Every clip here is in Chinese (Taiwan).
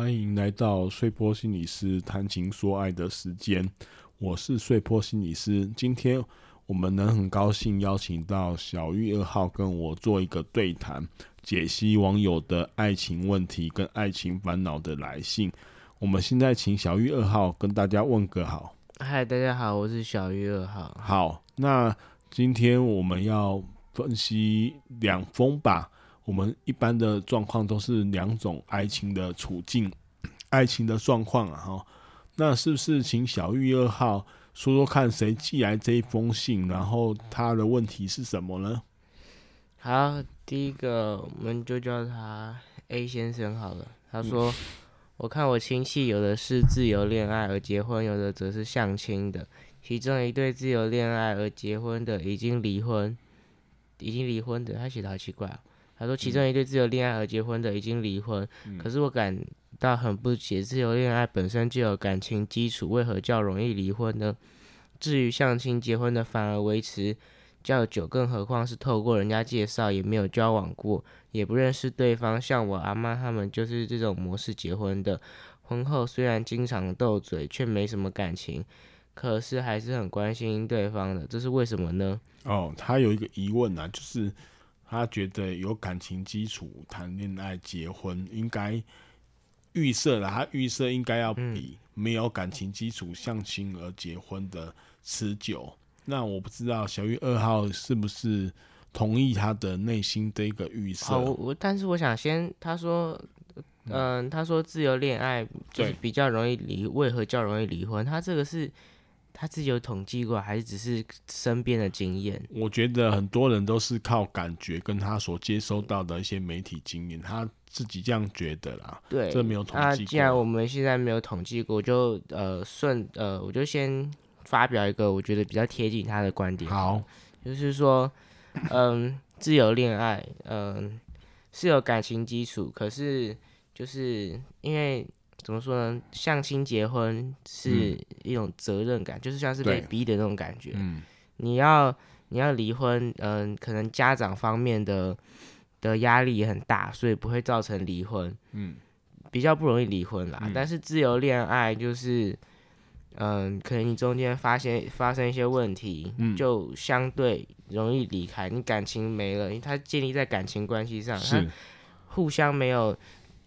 歡迎來到穗波心理師談情說愛的時間，我是穗波心理師。今天我們能很高興邀請到小玉二號跟我做一個對談，解析網友的愛情問題跟愛情煩惱的來信。我們現在請小玉二號跟大家問個好。嗨，大家好，我是小玉二號。好，那今天我們要分析兩封吧。我們一般的狀況都是兩種愛情的處境，愛情的狀況啊，哈，那是不是請小玉二號說說看，誰寄來這一封信？然後他的問題是什麼呢？好，第一個我們就叫他 A 先生好了。他說：“嗯、我看我親戚有的是自由戀愛而結婚，有的則是相親的。其中一對自由戀愛而結婚的已經離婚，已經離婚的，他寫的好奇怪啊。”他說，其中一對自由戀愛而結婚的已經離婚、嗯，可是我感到很不解，自由戀愛本身就有感情基礎，為何較容易離婚呢？至於相親結婚的反而維持較久，更何況是透過人家介紹，也沒有交往過，也不認識對方，像我阿媽他們就是這種模式結婚的，婚後雖然經常鬥嘴，卻沒什麼感情，可是還是很關心對方的，這是為什麼呢？哦，他有一個疑問呢、啊，就是。他覺得有感情基礎談戀愛結婚應該預設了，他預設應該要比沒有感情基礎相親而結婚的持久。嗯、那我不知道小玉二號是不是同意他的內心的一個預設、哦，但是我想先，他說，嗯、呃，他說自由戀愛就是比較容易離，為何較容易離婚？他這個是。他自己有統計過，還是只是身邊的經驗？我覺得很多人都是靠感覺，跟他所接收到的一些媒體經驗，他自己這樣覺得啦。對，這沒有統計。那既然我們現在沒有統計過，我就呃順呃，我就先發表一個我覺得比較貼近他的觀點。好，就是說，嗯，自由戀愛，嗯，是有感情基礎，可是就是因為。怎麼說呢？相親結婚是一種責任感，嗯、就是像是被逼的那種感覺。嗯、你要你要離婚，嗯、呃，可能家長方面的的壓力也很大，所以不會造成離婚。嗯，比較不容易離婚啦。嗯、但是自由戀愛就是，嗯、呃，可能你中間發現發生一些問題，嗯，就相對容易離開。你感情沒了，因為他建立在感情關係上，是他互相沒有。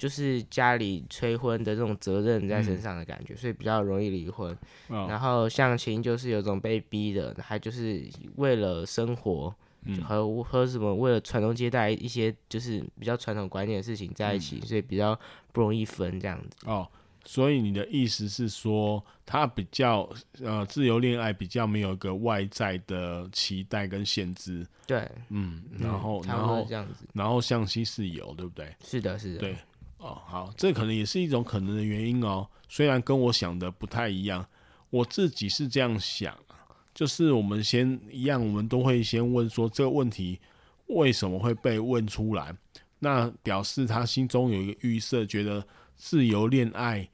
就是家裡催婚的這種責任在身上的感覺，嗯、所以比較容易離婚、哦。然後相親就是有種被逼的，還就是為了生活、嗯、和和什麼為了傳宗接代一些就是比較傳統觀念的事情在一起、嗯，所以比較不容易分這樣子。哦，所以你的意思是說，他比較呃自由戀愛比較沒有一個外在的期待跟限制。對，嗯，然後差不多是這樣子。然後相親是有，對不對？是的，是的，對。哦，好，這可能也是一種可能的原因哦。雖然跟我想的不太一樣，我自己是這樣想，就是我們先一樣，我們都會先問說這個問題為什麼會被問出來？那表示他心中有一個預設，覺得自由戀愛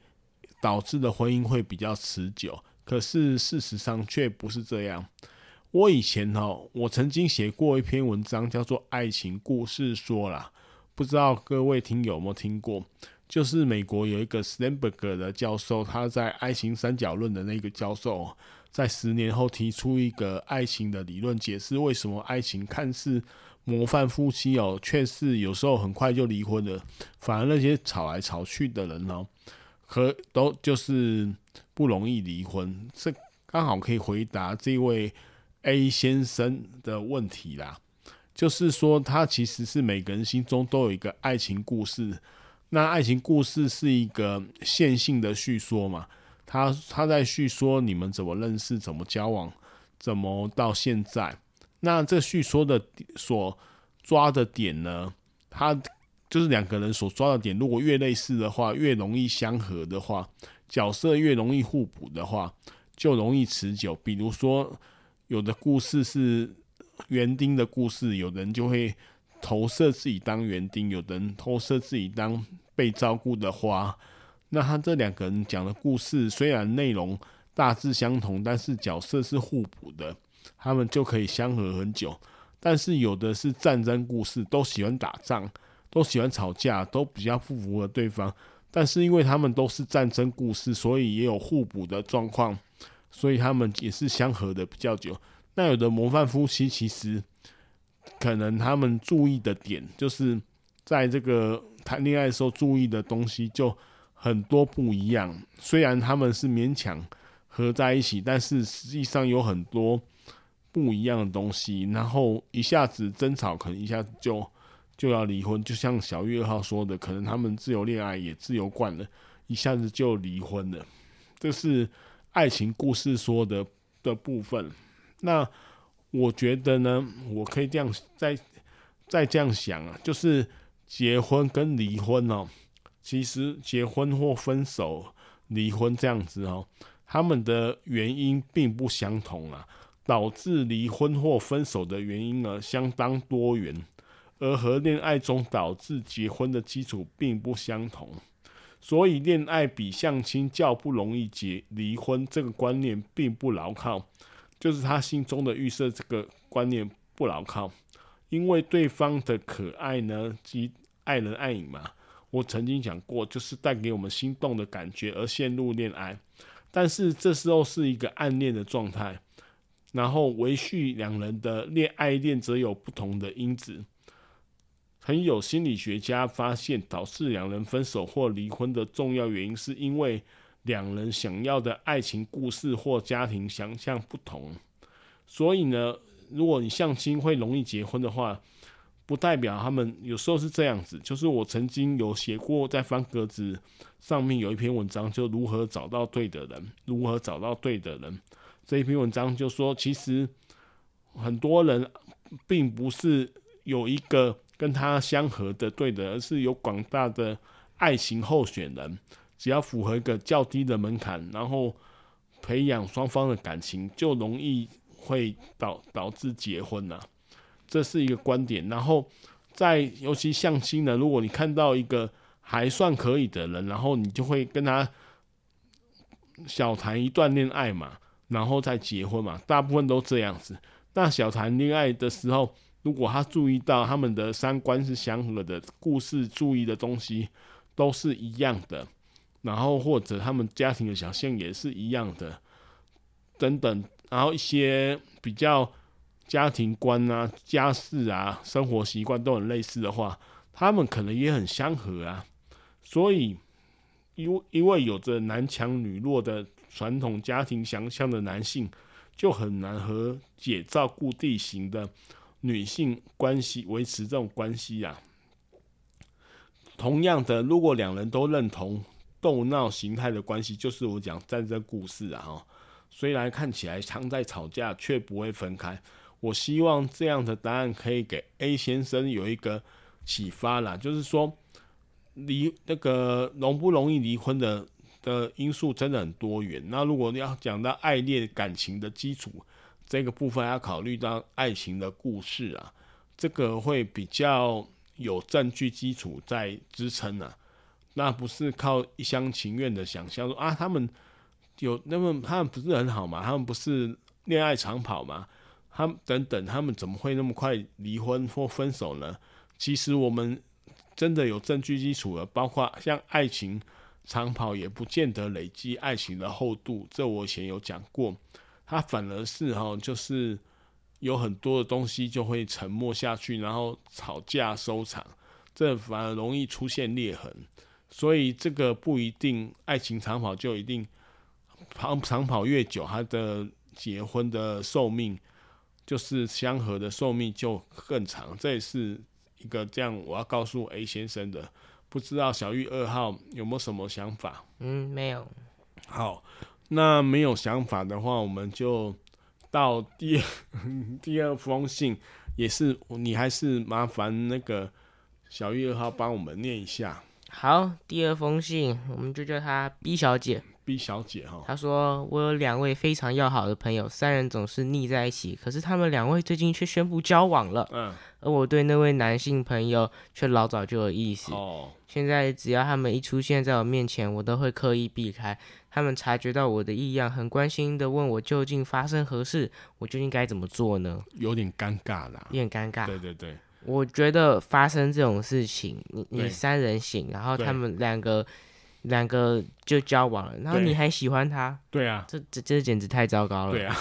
導致的婚姻會比較持久，可是事實上卻不是這樣。我以前哦，我曾經寫過一篇文章，叫做《愛情故事說》啦。不知道各位聽友有沒有聽過，就是美國有一個 Sternberg 的教授，他在愛情三角論的那個教授，哦，在十年後提出一個愛情的理論，解釋為什麼愛情看似模範夫妻哦，却是有時候很快就離婚了。反而那些吵來吵去的人哦，可都就是不容易離婚。這剛好可以回答這位 A 先生的問題啦。就是說，他其實是每個人心中都有一個愛情故事。那愛情故事是一個線性的敘說嘛？他他在敘說你們怎麼認識、怎麼交往、怎麼到現在。那這敘說的所抓的點呢？他就是兩個人所抓的點。如果越類似的話，越容易相合的話，角色越容易互補的話，就容易持久。比如說，有的故事是。園丁的故事，有人就會投射自己當園丁，有人投射自己當被照顧的花。那他這兩個人講的故事雖然內容大致相同，但是角色是互補的，他們就可以相合很久。但是有的是戰爭故事，都喜歡打仗，都喜歡吵架，都比較不符合對方。但是因為他們都是戰爭故事，所以也有互補的狀況，所以他們也是相合的比較久。那有的模範夫妻其實，可能他們注意的點就是，在這個談戀愛的時候注意的東西就很多不一樣。雖然他們是勉強合在一起，但是實際上有很多不一樣的東西，然後一下子爭吵，可能一下子就就要離婚。就像小玉2號說的，可能他們自由戀愛也自由慣了，一下子就離婚了。這是愛情故事說的的部分。那我覺得呢，我可以這樣再再這樣想啊，就是結婚跟離婚哦，其實結婚或分手、離婚這樣子哦，他們的原因並不相同啊。導致離婚或分手的原因呢，相當多元，而和戀愛中導致結婚的基礎並不相同，所以戀愛比相親較不容易結離婚，這個觀念並不牢靠。就是他心中的預設這個觀念不牢靠，因為對方的可愛呢及愛人愛影嘛，我曾經講過，就是帶給我們心動的感覺而陷入戀愛，但是這時候是一個暗戀的狀態，然後維繫兩人的戀愛戀則有不同的因子。曾有心理學家發現，導致兩人分手或離婚的重要原因，是因為。兩人想要的愛情故事或家庭想象不同，所以呢，如果你相親會容易結婚的話，不代表他們有時候是這樣子。就是我曾經有寫過，在方格子上面有一篇文章，就如何找到對的人，如何找到對的人。這一篇文章就說，其實很多人並不是有一個跟他相合的對的，而是有廣大的愛情候選人。只要符合一個較低的門檻，然後培養雙方的感情，就容易會導導致結婚啊，這是一個觀點。然後在尤其相親的，如果你看到一個還算可以的人，然後你就會跟他小談一段戀愛嘛，然後再結婚嘛。大部分都這樣子。那小談戀愛的時候，如果他注意到他們的三觀是相合的，故事、注意的東西都是一樣的。然後或者他們家庭的想象也是一樣的，等等，然後一些比較家庭觀啊、家事啊、生活習慣都很類似的話，他們可能也很相合啊。所以，因為因為有着男強女弱的傳統家庭想象的男性，就很難和姐照顧弟型的女性關係維持這種關係啊。同樣的，如果兩人都認同。鬥鬧形態的關係就是我講戰爭故事啊，哈，雖然看起來常在吵架，卻不會分開。我希望這樣的答案可以給 A 先生有一個啟發啦，就是說離那個容不容易離婚的的因素真的很多元。那如果你要講到愛戀感情的基礎這個部分，要考慮到愛情的故事啊，這個會比較有證據基礎在支撐啊。那不是靠一廂情願的想象說啊，他們有那麼他們不是很好嗎？他們不是戀愛長跑嗎？他們等等，他們怎麼會那麼快離婚或分手呢？其實我們真的有證據基礎了，包括像愛情長跑也不見得累積愛情的厚度，這我以前有講過，它反而是哈、喔，就是有很多的東西就會沉默下去，然後吵架收場，這反而容易出現裂痕。所以這個不一定，愛情長跑就一定跑，長跑越久，他的結婚的壽命，就是相合的壽命就更長。這也是一個這樣，我要告訴 A 先生的。不知道小玉二號有沒有什麼想法？嗯，沒有。好，那沒有想法的話，我們就到第二第二封信，也是你還是麻煩那個小玉二號幫我們念一下。好，第二封信，我們就叫她 B 小姐。B 小姐哈，她、哦、說我有兩位非常要好的朋友，三人總是膩在一起。可是他們兩位最近卻宣布交往了。嗯，而我對那位男性朋友卻老早就有意思。哦，現在只要他們一出現在我面前，我都會刻意避開。他們察覺到我的異樣，很關心的問我究竟發生何事，我究竟該怎麼做呢？有點尷尬啦、啊。有點尷尬。對對對。我覺得發生這種事情，你你三人行，然後他們兩個兩個就交往了，然後你還喜歡他，對啊，這這這簡直太糟糕了，對啊，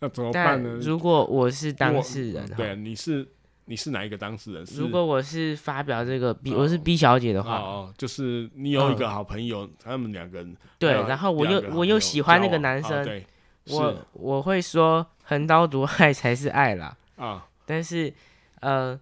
那怎麼辦呢？如果我是當事人，對啊，你是你是哪一個當事人？如果我是發表這個 B，我是 B 小姐的話，哦，哦，就是你有一個好朋友，哦、他們兩個人對，然後我又我又喜歡那個男生，哦、對，我我會說橫刀奪愛才是愛啦，啊、哦，但是呃。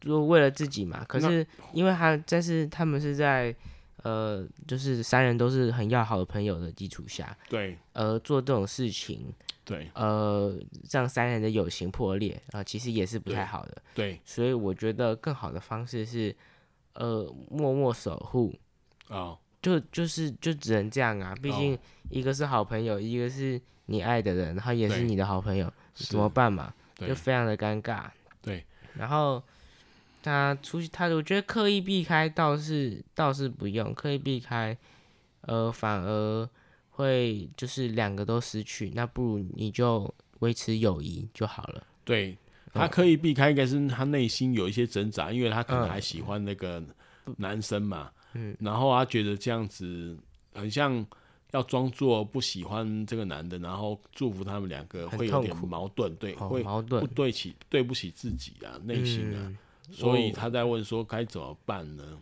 就為了自己嘛，可是因為他，但是他們是在呃，就是三人都是很要好的朋友的基礎下，對，呃，做這種事情，對，呃，讓三人的友情破裂啊，呃，其實也是不太好的，對，對，所以我覺得更好的方式是，呃，默默守護，哦，就就是就只能這樣啊，畢竟一個是好朋友，哦，一個是你愛的人，然後也是你的好朋友，怎麼辦嘛，對，就非常的尷尬，對，對，然後。他出去，他我覺得刻意避開倒是倒是不用刻意避開，呃，反而會就是兩個都失去，那不如你就維持友誼就好了。對，他刻意避開，應該是他內心有一些掙扎，嗯，因為他可能還喜歡那個男生嘛。嗯。然後他覺得這樣子很像要裝作不喜歡這個男的，然後祝福他們兩個，會有點矛盾，對，哦，對，會矛盾，對不起，對不起自己啊，內心啊。嗯。所以他在問說該怎麼辦呢？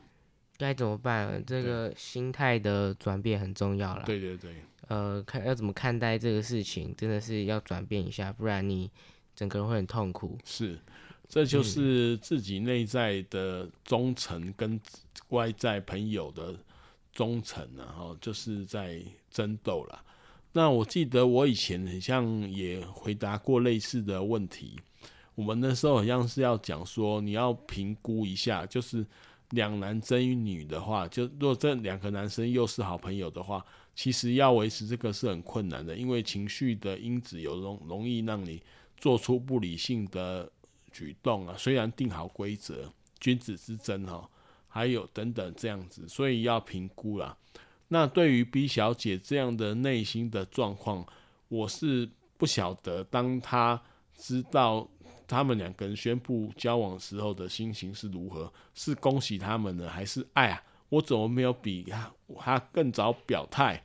該怎麼辦？這個心態的轉變很重要啦。對對對，對。呃，看要怎麼看待這個事情，真的是要轉變一下，不然你整個人會很痛苦。是，這就是自己內在的忠誠跟外在朋友的忠誠啊，哦，然後就是在爭鬥了。那我記得我以前好像也回答過類似的問題。我們那時候好像是要講說，你要評估一下，就是兩男爭一女的話，就若這兩個男生又是好朋友的話，其實要維持這個是很困難的，因為情緒的因子有容容易讓你做出不理性的舉動啊。雖然定好規則，君子之爭哈，還有等等這樣子，所以要評估啦。那對於 B 小姐這樣的內心的狀況，我是不曉得，當她知道，他們兩個人宣布交往的時候的心情是如何？是恭喜他們呢，還是哎呀、哎？我怎麼沒有比他他更早表態，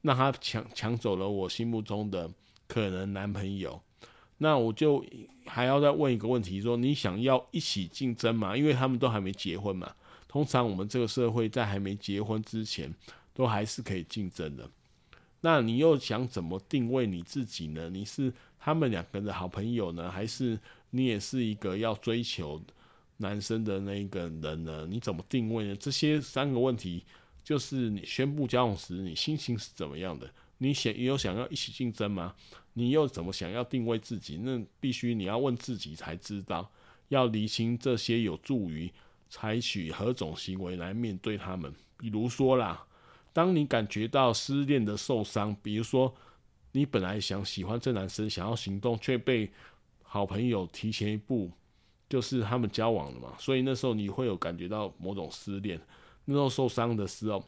讓他搶搶走了我心目中的可能男朋友？那我就還要再問一個問題：說你想要一起競爭嗎？因為他們都還沒結婚嘛。通常我們這個社會在還沒結婚之前，都還是可以競爭的。那你又想怎麼定位你自己呢？你是他們兩個人的好朋友呢，還是？你也是一個要追求男生的那一個人呢？你怎麼定位呢？這些三個問題就是你宣布交往時，你心情是怎麼樣的？你想，有想要一起競爭嗎？你又怎麼想要定位自己？那必須你要問自己才知道。要理清這些，有助於採取何種行為來面對他們。比如說啦，當你感覺到失戀的受傷，比如說你本來想喜歡這男生，想要行動卻被。好朋友提前一步，就是他們交往了嘛，所以那時候你會有感覺到某種失戀，那時候受傷的時候，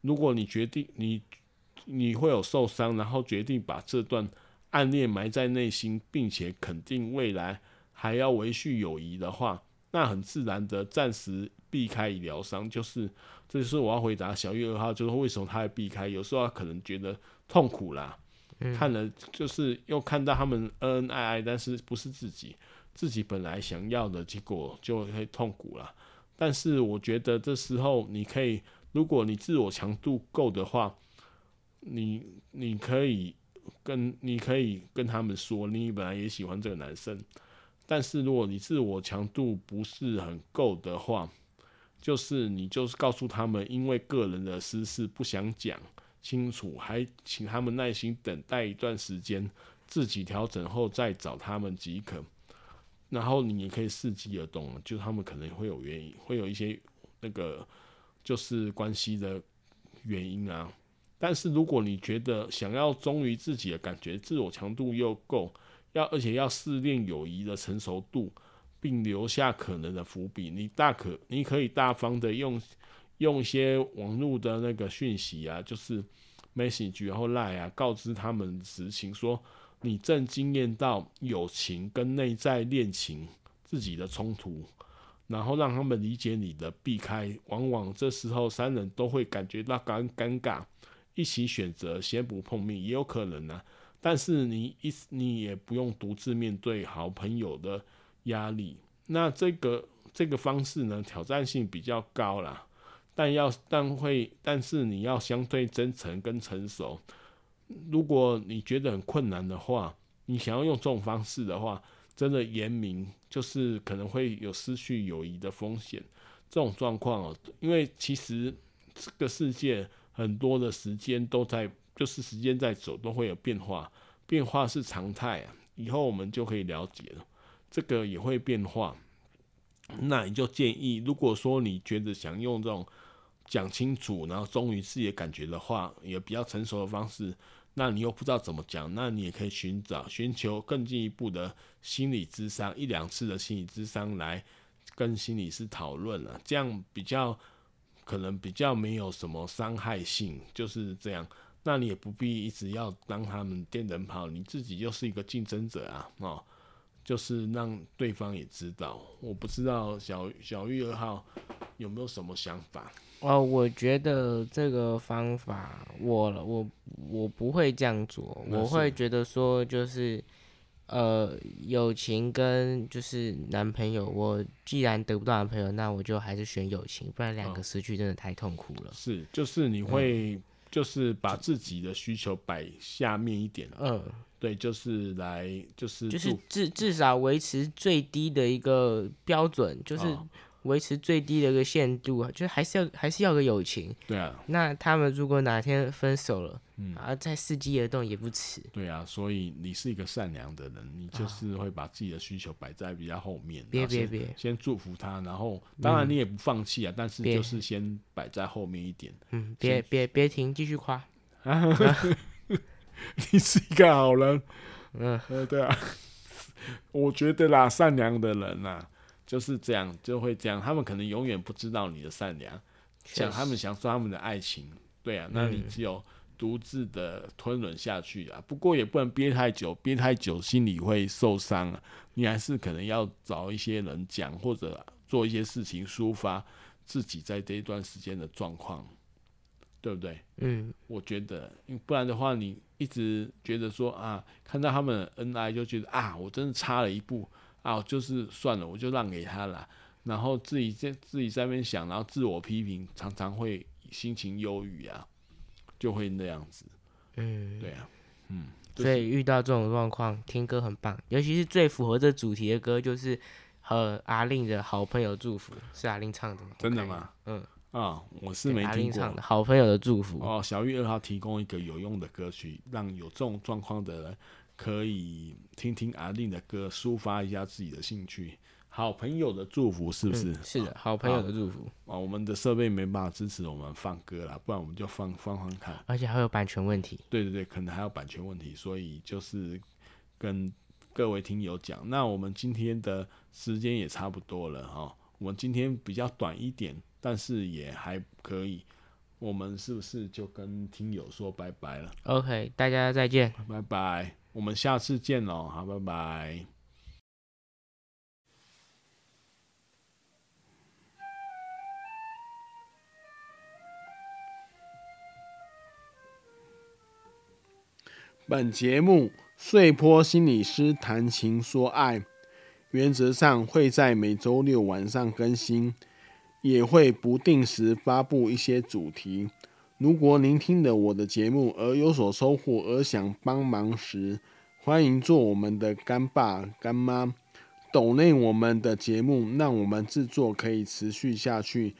如果你決定你你會有受傷，然後決定把這段暗戀埋在內心，並且肯定未來還要維繫友誼的話，那很自然的暫時避開以療傷，就是這就是我要回答小玉2號，就是為什麼他會避開，有時候他可能覺得痛苦啦。看了就是又看到他們恩恩愛愛，但是不是自己，自己本來想要的結果就會痛苦了。但是我覺得這時候你可以，如果你自我強度夠的話，你你可以跟你可以跟他們說，你本來也喜歡這個男生。但是如果你自我強度不是很夠的話，就是你就是告訴他們，因為個人的私事不想講。清楚，還請他們耐心等待一段時間，自己調整後再找他們即可。然後你也可以伺機而動，就是他們可能會有原因，會有一些那個就是關係的原因啊。但是如果你覺得想要忠於自己的感覺，自我強度又夠，要而且要試煉友誼的成熟度，並留下可能的伏筆，你大可你可以大方的用。用一些網絡的那個訊息啊，就是 message 或者 line 啊，告知他們實情說，說你正經驗到友情跟內在戀情自己的衝突，然後讓他們理解你的避開。往往這時候三人都會感覺到尷尷尬，一起選擇先不碰面也有可能啊。但是你一你也不用獨自面對好朋友的壓力。那這個這個方式呢，挑戰性比較高啦。但要但會，但是你要相對真誠跟成熟。如果你覺得很困難的話，你想要用這種方式的話，真的言明就是可能會有失去友誼的風險。這種狀況喔，因為其實這個世界很多的時間都在，就是時間在走，都會有變化，變化是常態啊。以後我們就可以了解了，這個也會變化。那你就建議，如果說你覺得想用這種，講清楚，然後忠於自己的感覺的話，也比較成熟的方式。那你又不知道怎麼講，那你也可以尋找、尋求更進一步的心理諮商，一兩次的心理諮商來跟心理師討論了，這樣比較可能比較沒有什麼傷害性，就是這樣。那你也不必一直要當他們電燈泡，你自己又是一個競爭者啊，哦，就是讓對方也知道。我不知道小小玉二號有沒有什麼想法。哦、oh, oh,，我覺得這個方法，我我我不會這樣做。我會覺得說，就是呃，友情跟就是男朋友，我既然得不到男朋友，那我就還是選友情，不然兩個失去真的太痛苦了，、oh, 了。是，就是你會就是把自己的需求擺下面一點。二、oh, 嗯、對，就是來就是就是至至少維持最低的一個標準，就是、oh.。維持最低的一個限度啊，就是還是要還是要個友情。對啊。那他們如果哪天分手了，嗯，啊，再伺機而動也不遲。對啊，所以你是一個善良的人，你就是會把自己的需求擺在比較後面。別別別，先祝福他，然後當然你也不放棄啊、嗯，但是就是先擺在後面一點。嗯，別別別停，繼續誇。啊啊、 你是一個好人。嗯、啊，啊對啊。 我覺得啦，善良的人吶、啊。就是這樣，就會這樣。他們可能永遠不知道你的善良，想他們想說他們的愛情，對啊。那，那你只有獨自的吞忍下去啊。不過也不能憋太久，憋太久心裡會受傷啊。你還是可能要找一些人講，或者做一些事情抒發自己在這一段時間的狀況，對不對？嗯，我覺得，因為不然的話，你一直覺得說啊，看到他們恩愛就覺得啊，我真的差了一步。啊，就是算了，我就讓給他了，然後自己在自己在那邊想，然後自我批評，常常會心情憂鬱啊，就會那樣子。嗯，對啊，嗯，所以遇到這種狀況、就是，聽歌很棒，尤其是最符合這主題的歌，就是和阿令的好朋友祝福，是阿令唱的嗎？真的嗎？Okay, 嗯啊，我是沒聽過。阿令唱的好朋友的祝福。哦，小玉二號提供一個有用的歌曲，讓有這種狀況的人。可以聽聽阿令的歌，抒發一下自己的興趣。好朋友的祝福是不是？嗯、是的，好朋友的祝福啊！我們的設備沒辦法支持我們放歌啦，不然我們就放放放看。而且還有版權問題。對對對，可能還有版權問題，所以就是跟各位聽友講，那我們今天的時間也差不多了哈、哦。我們今天比較短一點，但是也還可以。我們是不是就跟聽友說拜拜了？OK，大家再見，拜拜。我們下次見嘍，好，拜拜。本節目《穗波心理師》談情說愛，原則上會在每週六晚上更新，也會不定時發布一些主題。如果您聽了我的節目而有所收穫而想幫忙時，歡迎做我們的乾爸乾媽，donate 我們的節目，讓我們製作可以持續下去。